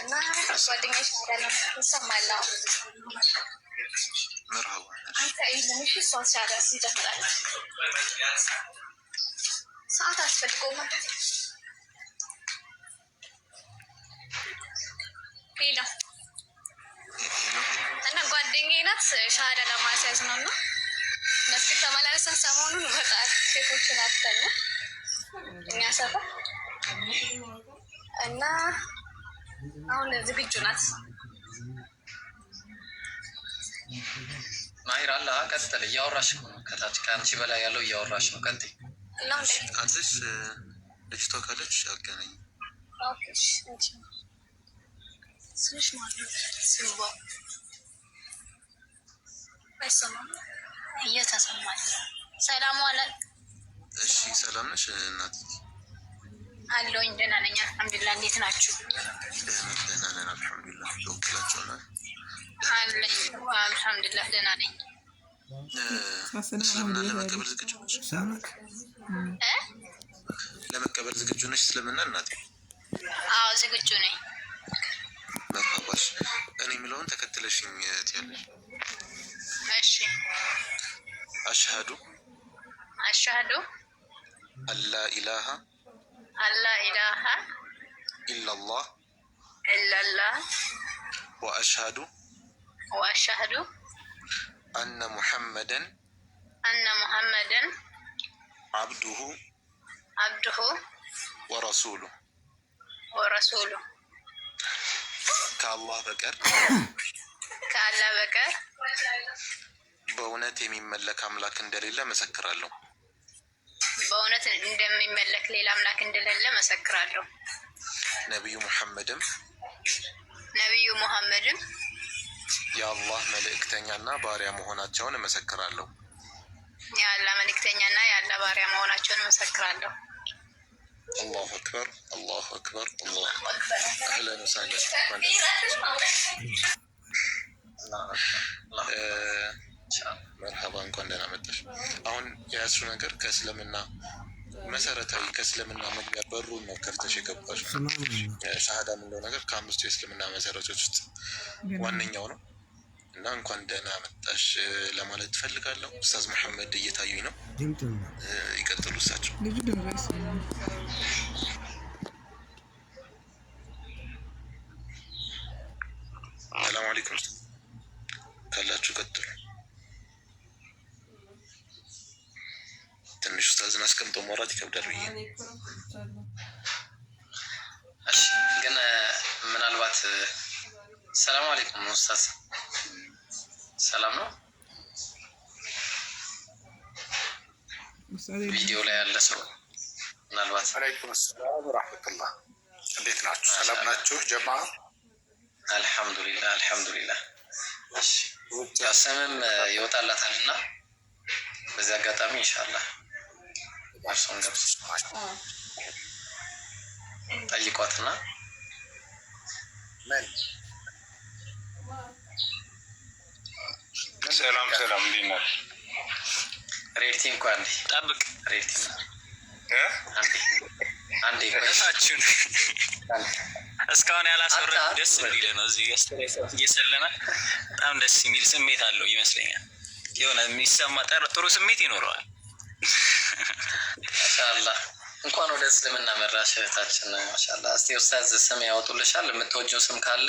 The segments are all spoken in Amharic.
እና ጓደኛሽ ሰማለሁ አንተ ሰዓት አስፈልጎም እና ጓደኛዬ ናት። ሻሃዳ ለማስያዝ ነው እና መስጊድ ተመላለሰን ሰሞኑን ወጣት ሴቶችን አፍተን እኛ ሰፈር እና አሁን ዝግጁ ናት። ማሂር አለ ቀጥል። እያወራሽ ነው ከታች ከአንቺ በላይ ያለው እያወራሽ ነው። ቀጥይ። አንተሽ ልጅቷ ካለች አገናኝ እየተሰማኝ ሰላም ዋለ። እሺ ሰላም ነሽ እናት? አለሁኝ። ደህና ነኝ አልሐምዱሊላህ። እንዴት ናችሁ? ደህና ነን አልሐምዱሊላህ። ወክላችሁናል? አለኝ አልሐምዱሊላህ፣ ደህና ነኝ። እስልምና ለመቀበል ዝግጁ ነች? ለመቀበል ዝግጁ ነች? እስልምና እናት? አዎ ዝግጁ ነኝ። መባባሽ እኔ የምለውን ተከትለሽኝ ትያለሽ። እሺ አሽሃዱ አሽሃዱ አላ ኢላሃ አላኢላሃ ኢላሀ ኢለላህ ወአሽሃዱ ወአሽሀዱ አነ ሙሐመደን አነ ሙሐመደን አብዱሁ አብዱሁ ወረሱሉ ወረሱሉ ከአላህ በቀር ከአላህ በቀር በእውነት የሚመለክ አምላክ እንደሌለ መሰክራለሁ። በእውነት እንደሚመለክ ሌላ አምላክ እንደሌለ መሰክራለሁ። ነቢዩ ሙሐመድም ነቢዩ ሙሐመድም የአላህ መልእክተኛና ባሪያ መሆናቸውን እመሰክራለሁ። የአላህ መልእክተኛና የአላህ ባሪያ መሆናቸውን እመሰክራለሁ። አላሁ አክበር፣ አላሁ አክበር። አህለን ሳለ መርሃባ እንኳን ደህና መጣሽ። አሁን የያሱ ነገር ከእስልምና መሰረታዊ ከእስልምና መግቢያ በሩን ነው ከፍተሽ የገባሽ። ሻሃዳ የምንለው ነገር ከአምስቱ የእስልምና መሰረቶች ውስጥ ዋነኛው ነው እና እንኳን ደህና መጣሽ ለማለት ትፈልጋለሁ። ኡስታዝ መሐመድ እየታዩኝ ነው፣ ይቀጥሉ እሳቸው። ሰላም አለይኩም ወጥቶ ማውራት ይከብዳል ብዬ እሺ። ግን ምናልባት ሰላም አለይኩም ኡስታዝ፣ ሰላም ነው። ቪዲዮ ላይ ያለ ሰው ምናልባት አለይኩም ሰላም ወራህመቱላህ፣ እንዴት ናችሁ? ሰላም ናችሁ ጀማ? አልሐምዱሊላህ አልሐምዱሊላህ። እሺ ስምም ይወጣላታል እና በዚህ አጋጣሚ ኢንሻአላህ እሱን ልብስ ጠይቋትና ሰላም ሰላም፣ እንዴት ሬድቲ እንኳን ጠብቅ ሬድቲ እስካሁን ያላሰብረ ደስ የሚል ነው። እዚህ እየሰለመ በጣም ደስ የሚል ስሜት አለው ይመስለኛል። የሆነ የሚሰማ ጥሩ ስሜት ይኖረዋል። ማሻላ እንኳን ወደ እስልምና መራሽ እህታችን ማሻላ። እስቲ ኡስታዝ ስም ያወጡልሻል። የምትወጂው ስም ካለ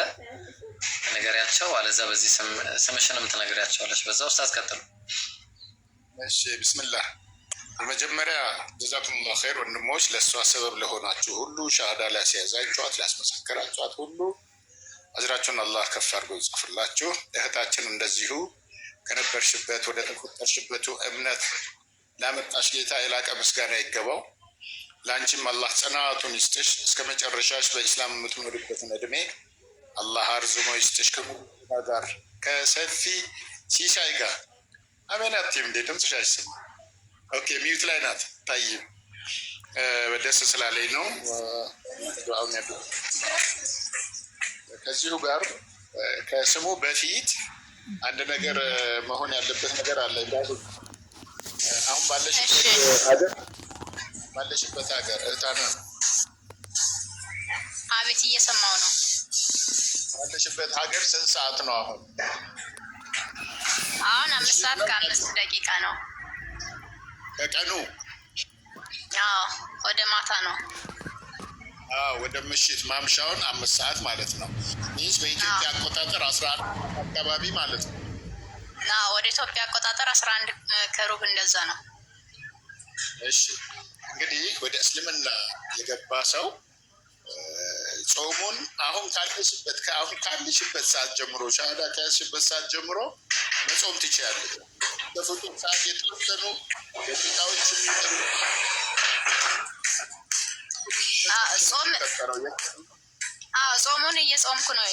ነገሪያቸው፣ አለዛ በዚህ ስምሽንም ትነግሪያቸዋለች። በዛ ኡስታዝ ቀጥሉ። እሺ ብስምላ በመጀመሪያ ጀዛኩሙላህ ኸይር ወንድሞች፣ ለእሷ ሰበብ ለሆናችሁ ሁሉ ሻሃዳ ሊያስያዛችኋት ላስመሰከራችኋት ሁሉ አዝራችሁን አላህ ከፍ አድርጎ ይጽፍላችሁ። እህታችን እንደዚሁ ከነበርሽበት ወደ ተቆጠርሽበቱ እምነት ላመጣሽ ጌታ የላቀ ምስጋና ይገባው። ለአንቺም አላህ ጽናቱን ይስጥሽ። እስከ መጨረሻሽ በኢስላም የምትኖርበትን እድሜ አላህ አርዝሞ ይስጥሽ። ከሙሉና ጋር ከሰፊ ሲሳይ ጋር አሜናት እንዴ? ድምፅሽ አይሰማም። ኦኬ፣ ሚዩት ላይ ናት። ታይም ደስ ስላለኝ ነው። ከዚሁ ጋር ከስሙ በፊት አንድ ነገር መሆን ያለበት ነገር አለ። ባለሽበት ሀገር እህታና አቤት እየሰማው ነው። ባለሽበት ሀገር ስንት ሰዓት ነው አሁን? አሁን አምስት ሰዓት ከአምስት ደቂቃ ነው። ከቀኑ አዎ፣ ወደ ማታ ነው። አዎ፣ ወደ ምሽት ማምሻውን አምስት ሰዓት ማለት ነው። ይህ በኢትዮጵያ አቆጣጠር አስራ አንድ አካባቢ ማለት ነው። ወደ ኢትዮጵያ አቆጣጠር አስራ አንድ ከሩብ እንደዛ ነው። እሺ እንግዲህ ወደ እስልምና የገባ ሰው ጾሙን አሁን ካለሽበት ከአሁን ካለሽበት ሰዓት ጀምሮ ሻሃዳ ከያዝሽበት ሰዓት ጀምሮ መጾም ትችላለች። በፍጡር ሰዓት የተወሰኑ ደቂቃዎች ጾሙን እየጾምኩ ነው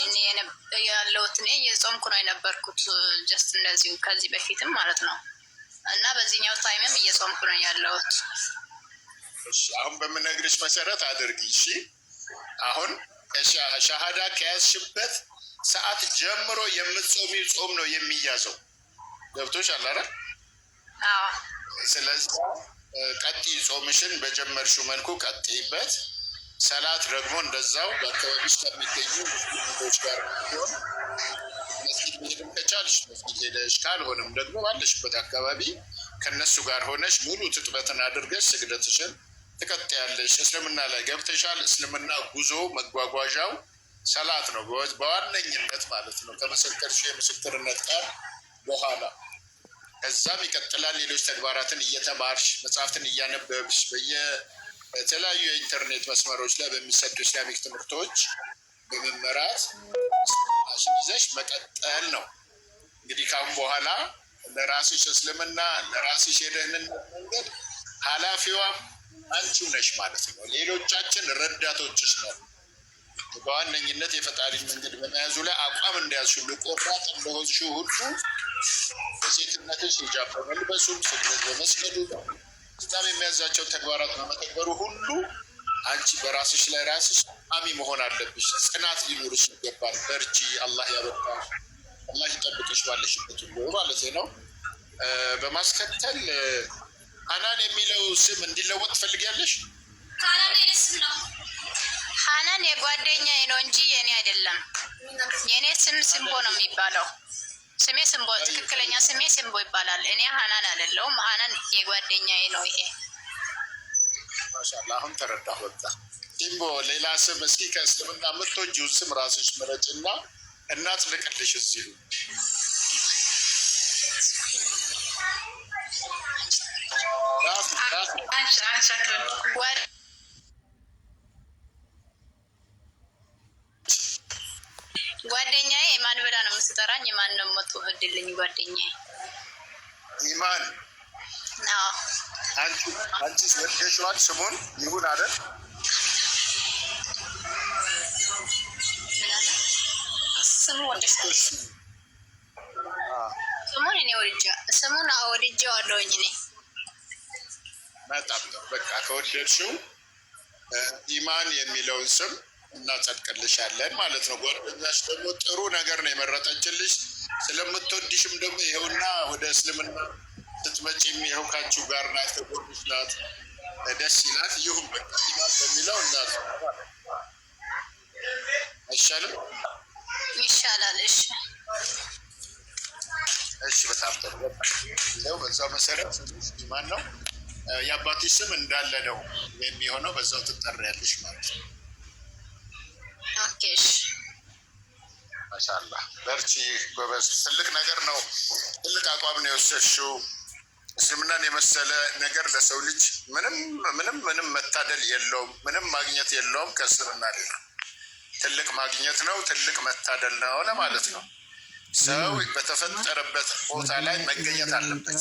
ያለሁት እኔ እየጾምኩ ነው የነበርኩት ጀስት እንደዚሁ ከዚህ በፊትም ማለት ነው። እና በዚህኛው ታይምም እየጾምኩ ነው ያለሁት። አሁን በምነግርሽ መሰረት አድርጊ እሺ። አሁን ሻሃዳ ከያዝሽበት ሰዓት ጀምሮ የምትጾሚ ጾም ነው የሚያዘው። ገብቶሽ አላረ? ስለዚህ ቀጢ ጾምሽን በጀመርሽው መልኩ ቀጢበት። ሰላት ደግሞ እንደዛው በአካባቢ ውስጥ ከሚገኙ ሙስሊሞች ጋር ሆን መስጊድ መሄድም ከቻልሽ መስጊድ ሄደሽ፣ ካልሆነም ደግሞ ባለሽበት አካባቢ ከነሱ ጋር ሆነሽ ሙሉ ትጥበትን አድርገሽ ስግደትሽን ትቀጥያለሽ። እስልምና ላይ ገብተሻል። እስልምና ጉዞ መጓጓዣው ሰላት ነው በዋነኝነት ማለት ነው። ከመሰከርሽ የምስክርነት ቃል በኋላ ከዛም ይቀጥላል። ሌሎች ተግባራትን እየተማርሽ መጽሐፍትን እያነበብሽ በየ በተለያዩ የኢንተርኔት መስመሮች ላይ በሚሰጡ ኢስላሚክ ትምህርቶች በመመራት እስልምናሽን ይዘሽ መቀጠል ነው። እንግዲህ ካሁን በኋላ ለራስሽ እስልምና ለራስሽ የደህንነት መንገድ ኃላፊዋም አንቺው ነሽ ማለት ነው። ሌሎቻችን ረዳቶችሽ ነው። በዋነኝነት የፈጣሪን መንገድ በመያዙ ላይ አቋም እንደያዝሽ ሁሉ ቆራጥ እንደሆንሽ ሁሉ በሴትነትሽ ሂጃብ በመልበሱም ስግደት በመስገዱ እዛም የሚያዛቸው ተግባራት መተግበሩ ሁሉ አንቺ በራስሽ ላይ ራስሽ አሚ መሆን አለብሽ። ጽናት ሊኖርሽ ይገባል። በርቺ፣ አላህ ያበቃ፣ አላህ ይጠብቅሽ ባለሽበት ሁሉ ማለት ነው። በማስከተል ሀናን የሚለው ስም እንዲለወጥ ትፈልጊያለሽ? ሀናን የጓደኛዬ ነው እንጂ የኔ አይደለም። የኔ ስም ስምቦ ነው የሚባለው። ስሜ ስንቦ ትክክለኛ ስሜ ስንቦ ይባላል። እኔ ሀናን አይደለሁም። ሀናን የጓደኛዬ ነው። ይሄ ማሻላ አሁን ተረዳሁ። ወጣ ሲምቦ ሌላ ስም እስኪ ከእስልምና የምትወጂውን ስም ራስሽ እና እናጥልቅልሽ እዚሁ ጓደኛ ስጠራኝ የማን ነው መጡ ህድልኝ ጓደኛዬ ኢማን አንቺ አንቺ ወደሽዋል ስሙን ይሁን አለ ስሙ ወደሽ ስሙን እኔ ወድጃ ስሙን ወድጃ ዋለውኝ እኔ በጣም ነው በቃ ከወደድሽው ኢማን የሚለውን ስም እናጸድቅልሻለን ማለት ነው። ጓደኛሽ ደግሞ ጥሩ ነገር ነው የመረጠችልሽ። ስለምትወድሽም ደግሞ ይኸውና ወደ እስልምና ስትመጪም ይኸው ካችሁ ጋር ናት፣ ከጎንሽ ናት። ደስ ይላት። ይሁን በቃ በሚለው እናት አይሻልም? ይሻላል። እሺ፣ እሺ። በጣም ጥሩ። ይኸው በዛው መሰረት ማን ነው የአባትሽ ስም እንዳለ ነው የሚሆነው። በዛው ትጠሪያለሽ ማለት ነው። እሺ ማሻላ በርቺ ጎበዝ። ትልቅ ነገር ነው። ትልቅ አቋም ነው የወሰድሽው። እስልምናን የመሰለ ነገር ለሰው ልጅ ምንም ምንም ምንም መታደል የለውም፣ ምንም ማግኘት የለውም። ከእስልምና ሌላ ትልቅ ማግኘት ነው፣ ትልቅ መታደል ነው ለማለት ነው። ሰው በተፈጠረበት ቦታ ላይ መገኘት አለበት።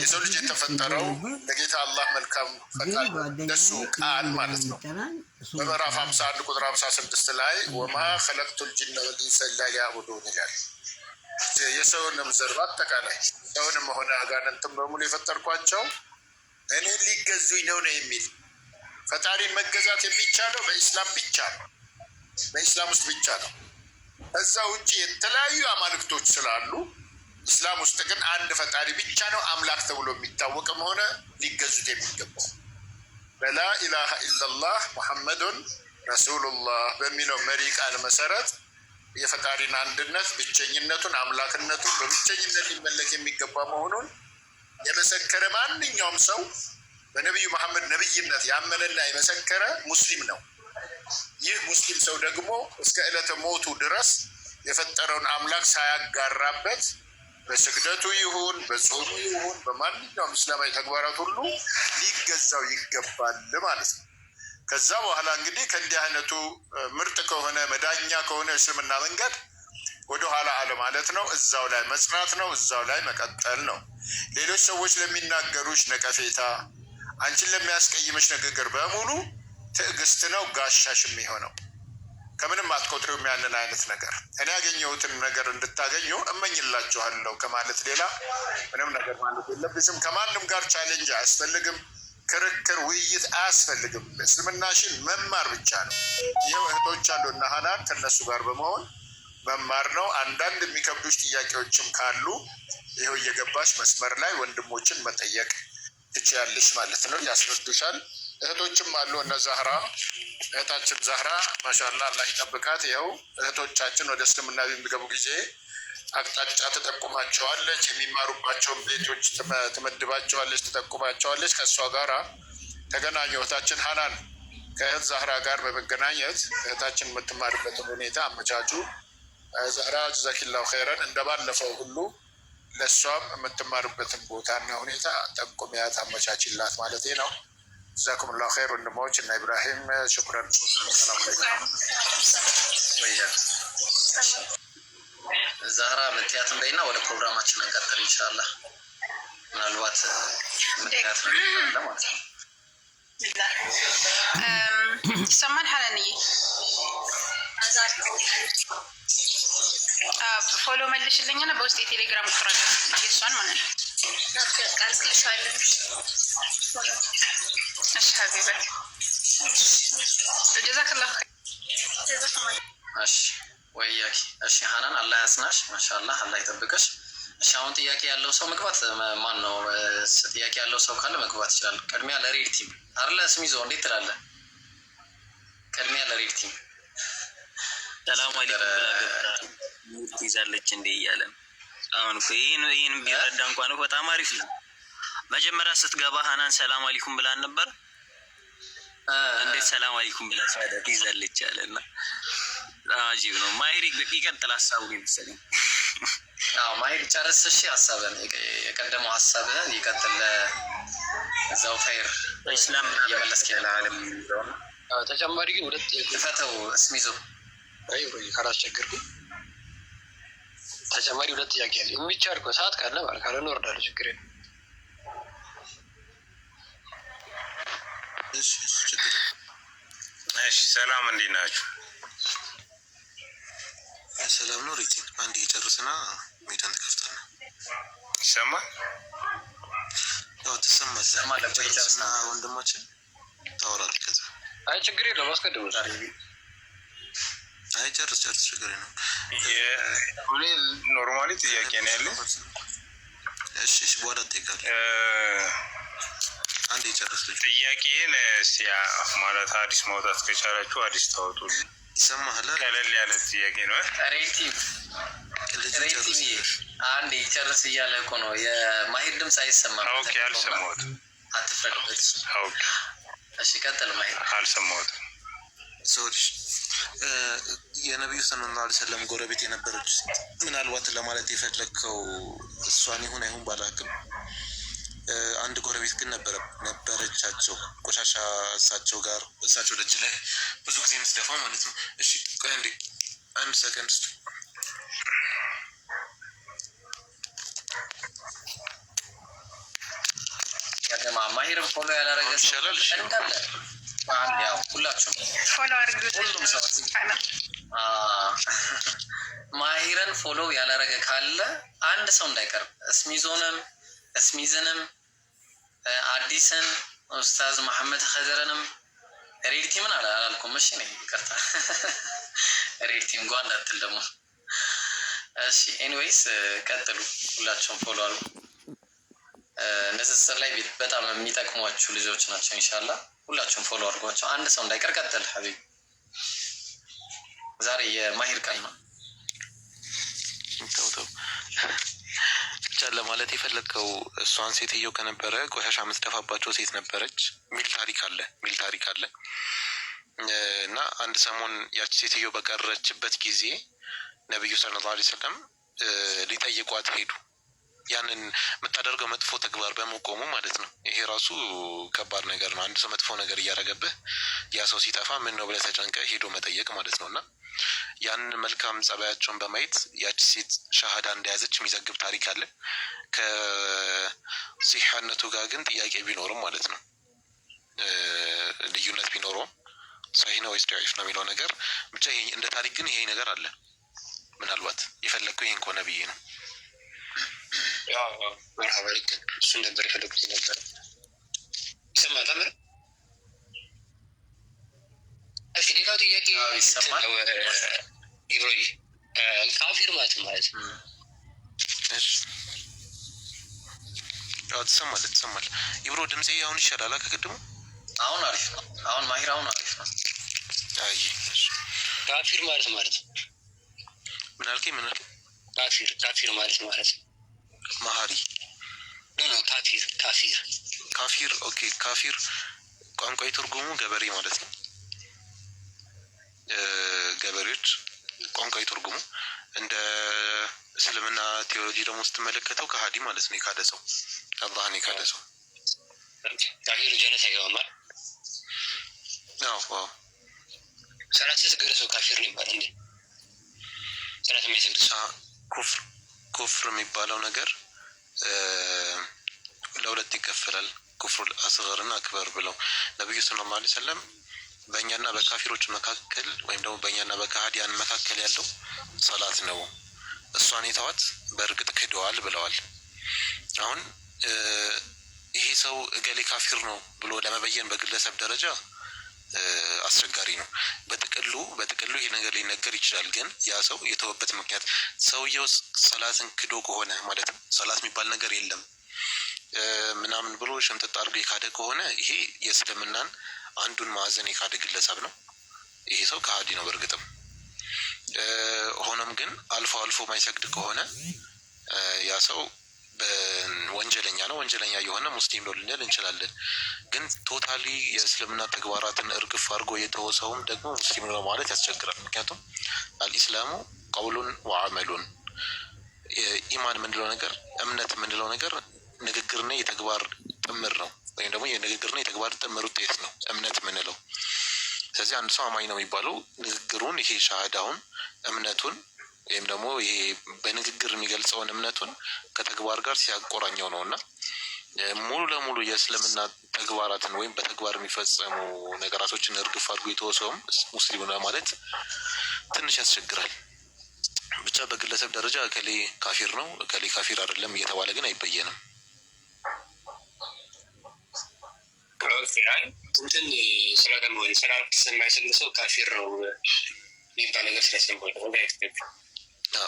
የሰው ልጅ የተፈጠረው ለጌታ አላህ መልካም ፈቃድ ለሱ ቃል ማለት ነው። በምዕራፍ ሀምሳ አንድ ቁጥር ሀምሳ ስድስት ላይ ወማ ከለቅቱ ልጅነ ወልኢንሰ ኢላ ሊያዕቡዱን ይላል። የሰውንም ዘር አጠቃላይ ሰውንም ሆነ አጋንንትም በሙሉ የፈጠርኳቸው እኔ ሊገዙኝ ነው ነው የሚል ፈጣሪን መገዛት የሚቻለው በኢስላም ብቻ ነው፣ በኢስላም ውስጥ ብቻ ነው። እዛ ውጭ የተለያዩ አማልክቶች ስላሉ እስላም ውስጥ ግን አንድ ፈጣሪ ብቻ ነው አምላክ ተብሎ የሚታወቅም ሆነ ሊገዙት የሚገባው። በላ ኢላሃ ኢላላህ ሙሐመዱን ረሱሉላህ በሚለው መሪ ቃል መሰረት የፈጣሪን አንድነት፣ ብቸኝነቱን፣ አምላክነቱን በብቸኝነት ሊመለክ የሚገባ መሆኑን የመሰከረ ማንኛውም ሰው በነቢዩ መሐመድ ነብይነት ያመነና የመሰከረ ሙስሊም ነው። ይህ ሙስሊም ሰው ደግሞ እስከ ዕለተ ሞቱ ድረስ የፈጠረውን አምላክ ሳያጋራበት በስግደቱ ይሁን በጾሙ ይሁን በማንኛውም እስላማዊ ተግባራት ሁሉ ሊገዛው ይገባል ማለት ነው። ከዛ በኋላ እንግዲህ ከእንዲህ አይነቱ ምርጥ ከሆነ መዳኛ ከሆነ እስልምና መንገድ ወደ አለ አለማለት ነው። እዛው ላይ መጽናት ነው። እዛው ላይ መቀጠል ነው። ሌሎች ሰዎች ለሚናገሩች ነቀፌታ፣ አንቺን ለሚያስቀይመች ንግግር በሙሉ ትዕግስት ነው ጋሻሽ የሚሆነው። ከምንም አትቆጥሪው ያንን አይነት ነገር እኔ ያገኘሁትን ነገር እንድታገኙ እመኝላችኋለሁ ከማለት ሌላ ምንም ነገር ማለት የለብሽም። ከማንም ጋር ቻሌንጅ አያስፈልግም። ክርክር፣ ውይይት አያስፈልግም። እስልምናሽን መማር ብቻ ነው። ይህ እህቶች አሉና ሀና ከነሱ ጋር በመሆን መማር ነው። አንዳንድ የሚከብዱሽ ጥያቄዎችም ካሉ ይኸው እየገባሽ መስመር ላይ ወንድሞችን መጠየቅ ትችያለሽ ማለት ነው። ያስረዱሻል። እህቶችም አሉ። እነ ዛህራ እህታችን ዛህራ ማሻላ አላህ ይጠብቃት። ይኸው እህቶቻችን ወደ እስልምና የሚገቡ ጊዜ አቅጣጫ ትጠቁማቸዋለች፣ የሚማሩባቸውን ቤቶች ትመድባቸዋለች፣ ትጠቁማቸዋለች። ከእሷ ጋራ ተገናኙ። እህታችን ሀናን ከእህት ዛህራ ጋር በመገናኘት እህታችን የምትማርበትን ሁኔታ አመቻቹ። ዛህራ ጀዛኪላሁ ኸይረን እንደ ባለፈው ሁሉ ለእሷም የምትማርበትን ቦታና ሁኔታ ጠቁሚያት፣ አመቻችላት ማለት ነው። جزاكم الله خير والنمو كنا ابراهيم شكرا زهرة بنتيات بينا ولا بروجرام ماتش نقدر ان شاء الله نالوات بنتيات سمان حلني ፎሎ መልሽልኝ ና በውስጥ የቴሌግራም ቁጥር እሷን ማለት ነው። እሺ ሀናን አላህ ያጽናሽ። ማሻላህ አላህ ይጠብቀሽ። እሺ አሁን ጥያቄ ያለው ሰው መግባት ማን ነው? ጥያቄ ያለው ሰው ካለ መግባት ይችላል። ቅድሚያ ለሬድ ቲም አርለ ስም ይዞ እንዴት ትላለህ? ቅድሚያ ለሬድ ቲም ሰላም አለይኩም ይዛለች እንዴ እያለን አሁን ይህን ቢረዳ እንኳን በጣም አሪፍ ነው። መጀመሪያ ስትገባ ሀናን ሰላም አሊኩም ብላን ነበር። እንዴት ሰላም አሊኩም ብላ ይዛለች ያለ እና አጂብ ነው። ማሄር ይቀጥል ሀሳቡ ይመስለኝ። ማይሪ ጨርስ። እሺ ሀሳብህን የቀደመው ሀሳብህን ይቀጥል። እዛው ኸይር ስላም የመለስክ ለአለም ተጨማሪ ግን ሁለት ፈተው እስም ይዞ ካላስቸገርኩኝ ተጨማሪ ሁለት ጥያቄ ያለ የሚቻል ሰዓት ካለ ማለት ካለ እወርዳለሁ። ችግር የለም እሺ ሰላም፣ እንዴት ናችሁ? ሰላም ነው። ሪቲን አንድ ይጨርስና ሜዳን ትከፍታለ ይሰማል? ያው ትሰማለህ። ወንድማችን ታወራለህ። ከዛ አይ ችግር የለውም አስቀድሞ አይ ጨርስ ጨርስ፣ ችግር ነው። ሁሌ ኖርማሊ ጥያቄ ነው ያለ። እሺ እሺ፣ በኋላ ትጠይቃለህ አንድ የጨረስ ልጅ ጥያቄን ማለት አዲስ ማውጣት ከቻላችሁ አዲስ ታወጡ። ይሰማሃል? ቀለል ያለ ጥያቄ ነው። አንድ ጨርስ እያለ እኮ ነው። የማሄድ ድምፅ አይሰማም። አልሰማሁትም። አትፍረድበት። እሺ ቀጥል። ማሄድ አልሰማሁትም። ሰዎች የነቢዩ ሰለላሁ ዐለይሂ ወሰለም ጎረቤት የነበረች ምናልባት ለማለት የፈለግከው እሷን ይሁን አይሁን ባላቅም አንድ ጎረቤት ግን ነበረ ነበረቻቸው ቆሻሻ እሳቸው ጋር እሳቸው ደጅ ላይ ብዙ ጊዜ የምትደፋ ማለት ነው። እሺ ቆይ አንዴ አንድ ሰከንድ ውስጥ ማሂርም ፎሎ ያላረገ ይሻላል። ያው ሁላችሁም ፎሎ ያላረገ ካለ አንድ ሰው እንዳይቀርብ እስሚዞንም እስሚዝንም አዲስን ኡስታዝ መሐመድ ኸድርንም ሬድቲምን አላልኩም። እሺ ነ ይቅርታ፣ ሬድቲም ጓ እንዳትል ደግሞ። እሺ ኤኒዌይስ ቀጥሉ፣ ሁላቸውን ፎሎ አሉ። ንጽጽር ላይ በጣም የሚጠቅሟችሁ ልጆች ናቸው። እንሻላ ሁላችሁም ፎሎ አድርጓቸው፣ አንድ ሰው እንዳይቀር። ቀጥል ሀቢብ፣ ዛሬ የማሂር ቀን ነው። ይመቻል ለማለት የፈለግከው እሷን ሴትዮ ከነበረ ቆሻሻ የምትደፋባቸው ሴት ነበረች ሚል ታሪክ አለ ሚል ታሪክ አለ እና አንድ ሰሞን ያች ሴትዮ በቀረችበት ጊዜ ነቢዩ ሰለላሁ ዐለይሂ ወሰለም ሊጠይቋት ሄዱ። ያንን የምታደርገው መጥፎ ተግባር በመቆሙ ማለት ነው። ይሄ ራሱ ከባድ ነገር ነው። አንድ ሰው መጥፎ ነገር እያደረገብህ ያ ሰው ሲጠፋ ምን ነው ብለህ ተጨንቀህ ሄዶ መጠየቅ ማለት ነው እና ያንን መልካም ጸባያቸውን በማየት ያቺ ሴት ሻሃዳ እንደያዘች የሚዘግብ ታሪክ አለ። ከሲሐነቱ ጋር ግን ጥያቄ ቢኖርም ማለት ነው ልዩነት ቢኖረውም ሰሂህ ነው ወይስ ዳዒፍ ነው የሚለው ነገር ብቻ እንደ ታሪክ ግን ይሄ ነገር አለ። ምናልባት የፈለግኩ ይህን ከሆነ ብዬ ነው። መርሀባ ልክ እሱ ነበር የፈለጉት ነበር ይሰማል። ጥያቄ ይሰማል። ኢብሮ ካፊር ማለት ማለት ትሰማለህ? ትሰማለህ? ኢብሮ ድምፄ አሁን ይሻላል ከቅድሙ? አሁን አሪፍ ነው። አሁን ማሂር፣ አሁን አሪፍ ነው። አይ ካፊር ማለት ማለት ምን አልከኝ? ምን አልከኝ? ካፊር ካፊር ማለት ማለት መሀሪ ነው። ካፊር ካፊር ካፊር። ኦኬ ካፊር ቋንቋዊ ትርጉሙ ገበሬ ማለት ነው። ገበሬዎች ቋንቋ ትርጉሙ እንደ እስልምና ቴዎሎጂ ደግሞ ስትመለከተው ከሀዲ ማለት ነው። የካደ ሰው አላህን የካደ ሰው ካፊሩ ጀነት አይገባም። ሰላት የሰገደ ሰው ካፊር ነው ይባላል። እንዴ ሰላት የሚሰግድ ሰው ኩፍር ኩፍር የሚባለው ነገር ለሁለት ይከፈላል። ኩፍሩል እና አክበር ብለው ነቢዩ ስለ ላ ሰለም በእኛና በካፊሮች መካከል ወይም ደግሞ በእኛና በካህዲያን መካከል ያለው ሰላት ነው። እሷን የተዋት በእርግጥ ክደዋል ብለዋል። አሁን ይሄ ሰው እገሌ ካፊር ነው ብሎ ለመበየን በግለሰብ ደረጃ አስቸጋሪ ነው። በጥቅሉ በጥቅሉ ይሄ ነገር ሊነገር ይችላል። ግን ያ ሰው የተወበት ምክንያት ሰውየው ሰላትን ክዶ ከሆነ ማለት ነው ሰላት የሚባል ነገር የለም ምናምን ብሎ ሸምጥጥ አድርጎ የካደ ከሆነ ይሄ የእስልምናን አንዱን ማዕዘን የካደ ግለሰብ ነው። ይሄ ሰው ከሃዲ ነው። በእርግጥም ሆኖም ግን አልፎ አልፎ ማይሰግድ ከሆነ ያ ሰው ወንጀለኛ ነው። ወንጀለኛ የሆነ ሙስሊም ነው ልንል እንችላለን። ግን ቶታሊ የእስልምና ተግባራትን እርግፍ አድርጎ የተወሰውም ደግሞ ሙስሊም ነው ማለት ያስቸግራል። ምክንያቱም አልኢስላሙ ቀውሉን ወአመሉን ኢማን የምንለው ነገር እምነት የምንለው ነገር ንግግርና የተግባር ጥምር ነው። ወይም ደግሞ የንግግርና የተግባር ጥምር ውጤት ነው እምነት የምንለው። ስለዚህ አንድ ሰው አማኝ ነው የሚባለው ንግግሩን፣ ይሄ ሻሃዳውን እምነቱን ወይም ደግሞ ይሄ በንግግር የሚገልጸውን እምነቱን ከተግባር ጋር ሲያቆራኘው ነው እና ሙሉ ለሙሉ የእስልምና ተግባራትን ወይም በተግባር የሚፈጸሙ ነገራቶችን እርግፍ አድርጎ የተወሰውም ሙስሊም ማለት ትንሽ ያስቸግራል። ብቻ በግለሰብ ደረጃ እከሌ ካፊር ነው እከሌ ካፊር አይደለም እየተባለ ግን አይበየንም። አይ እንትን ስለገንቦኝ ስራ የማይሰግድ ሰው ካፊር ነው የሚባል ነገር ስለሰማኝ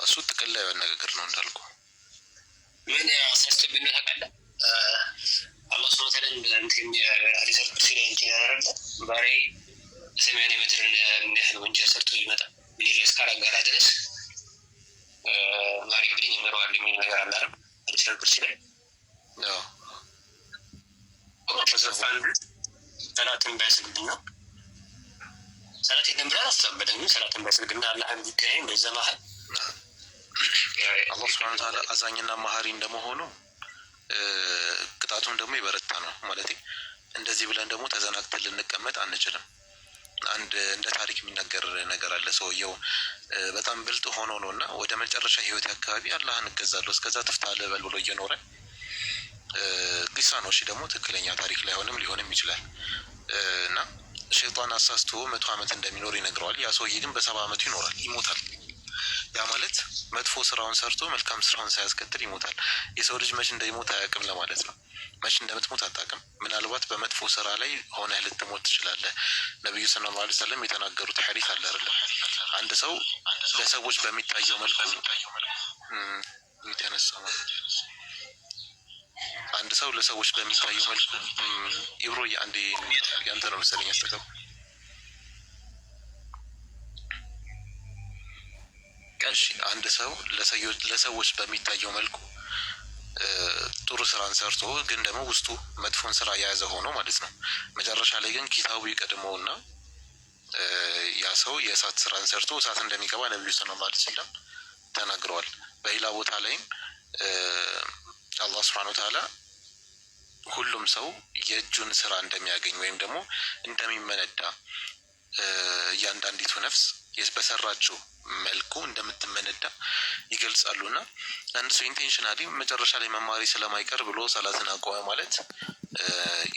እሱ ጥቅል ላይ አነጋገር ነው እንዳልኩ ምን ሲያስገብኝ ታውቃለህ? አላህ ስብሐ ወተዓላ ሪሰርት ሲላይንቲ ያደረገ ባሬ ሰማያዊ ምድርን ምን ወንጀል ሰርቶ ይመጣ ምን ይል እስካር ድረስ ባሬ ብድኝ ይመረዋል የሚል ነገር አላለም ሪሰርት ሲላይ ተዘፋን ሰላት እንዳይሰግድና ሰላት የለም ብላ አላስተበደኝ ሰላት እንዳይሰግድና አላህ ቢገኝ በዛ መሀል አላህ ስብሐነ ወተዓላ አዛኝና መሀሪ እንደመሆኑ ቅጣቱም ደግሞ የበረታ ነው። ማለት እንደዚህ ብለን ደግሞ ተዘናግተን ልንቀመጥ አንችልም። አንድ እንደ ታሪክ የሚናገር ነገር አለ። ሰውየው በጣም ብልጥ ሆኖ ነው እና ወደ መጨረሻ ህይወት አካባቢ አላህን እገዛለሁ እስከዛ ትፍታለህ በል ብሎ እየኖረ ግሳ ነው። እሺ ደግሞ ትክክለኛ ታሪክ ላይሆንም ሊሆንም ይችላል እና ሸይጣን አሳስቶ መቶ ዓመት እንደሚኖር ይነግረዋል። ያ ሰውዬ ግን በሰባ ዓመቱ ይኖራል፣ ይሞታል። ያ ማለት መጥፎ ስራውን ሰርቶ መልካም ስራውን ሳያስከትል ይሞታል። የሰው ልጅ መች እንደሚሞት አያውቅም ለማለት ነው። መች እንደምትሞት አታውቅም። ምናልባት በመጥፎ ስራ ላይ ሆነህ ልትሞት ትችላለህ። ነቢዩ ሰለላሁ ዐለይሂ ወሰለም የተናገሩት ሐዲስ አለ አይደለ? አንድ ሰው ለሰዎች በሚታየው መልኩ የተነሳው አንድ ሰው ለሰዎች በሚታየው መልኩ ኢብሮ አንዴ ያንተ ነው መሰለኝ ያስጠቀሙ አንድ ሰው ለሰዎች በሚታየው መልኩ ጥሩ ስራን ሰርቶ ግን ደግሞ ውስጡ መጥፎን ስራ የያዘ ሆኖ ማለት ነው። መጨረሻ ላይ ግን ኪታቡ ይቀድመውና ያ ሰው የእሳት ስራን ሰርቶ እሳት እንደሚገባ ነቢዩ ሰለላሁ ዐለይሂ ወሰለም ተናግረዋል። በሌላ ቦታ ላይም አላህ ሱብሓነሁ ወተዓላ ሁሉም ሰው የእጁን ስራ እንደሚያገኝ ወይም ደግሞ እንደሚመነዳ እያንዳንዲቱ ነፍስ በሰራችው መልኩ እንደምትመነዳ ይገልጻሉ። እና አንድ ሰው ኢንቴንሽናሊ መጨረሻ ላይ መማሪ ስለማይቀር ብሎ ሰላትን አቆመ ማለት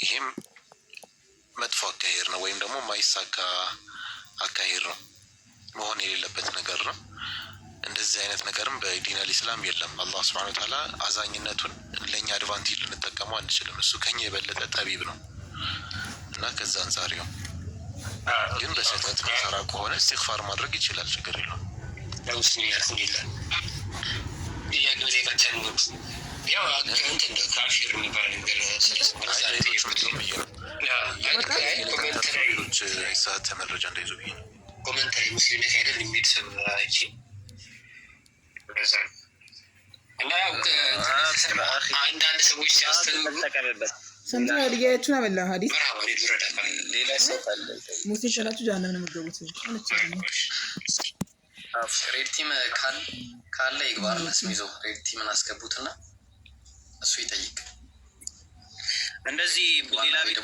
ይሄም መጥፎ አካሄድ ነው፣ ወይም ደግሞ ማይሳካ አካሄድ ነው፣ መሆን የሌለበት ነገር ነው። እንደዚህ አይነት ነገርም በዲን አልኢስላም የለም። አላህ ስብሐነ ወተዓላ አዛኝነቱን ለእኛ አድቫንቴጅ ልንጠቀመው አንችልም። እሱ ከኛ የበለጠ ጠቢብ ነው እና ከዛ አንጻር ይሁን ግን በስህተት ሰራ ከሆነ ኢስቲግፋር ማድረግ ይችላል። ችግር የለውም። ለሙስሊም ያልኩልላል ጥያቄ ያው እንትን መረጃ እንዳይዙ ብዬ ነው ኮመንታሪ ሙስሊም ሄደን የሚል ሰብ አይቼ ይደርሳሉ አንዳንድ ሰዎች ሲያስተምሩ ሙሴ ነው የምትገቡት። ሬድ ቲም ካለ ይግባ። ስም ይዞ ሬድ ቲምን አስገቡትና እሱ ይጠይቅ። እንደዚህ ሌላ ቤት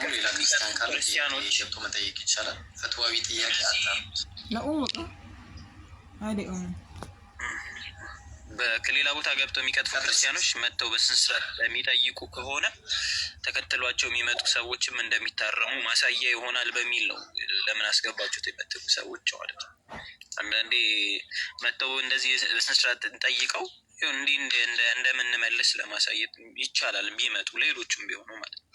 ገብቶ መጠየቅ ይቻላል። ፈትዋዊ ጥያቄ አጣሩት ነው ከሌላ ቦታ ገብተው የሚቀጥፉ ክርስቲያኖች መጥተው በስንስራት የሚጠይቁ ከሆነ ተከትሏቸው የሚመጡ ሰዎችም እንደሚታረሙ ማሳያ ይሆናል በሚል ነው። ለምን አስገባችሁት የመትሉ ሰዎች ማለት ነው። አንዳንዴ መጥተው እንደዚህ በስንስራት ጠይቀው እንዲህ እንደምንመልስ ለማሳየት ይቻላል። ቢመጡ ሌሎችም ቢሆኑ ማለት ነው።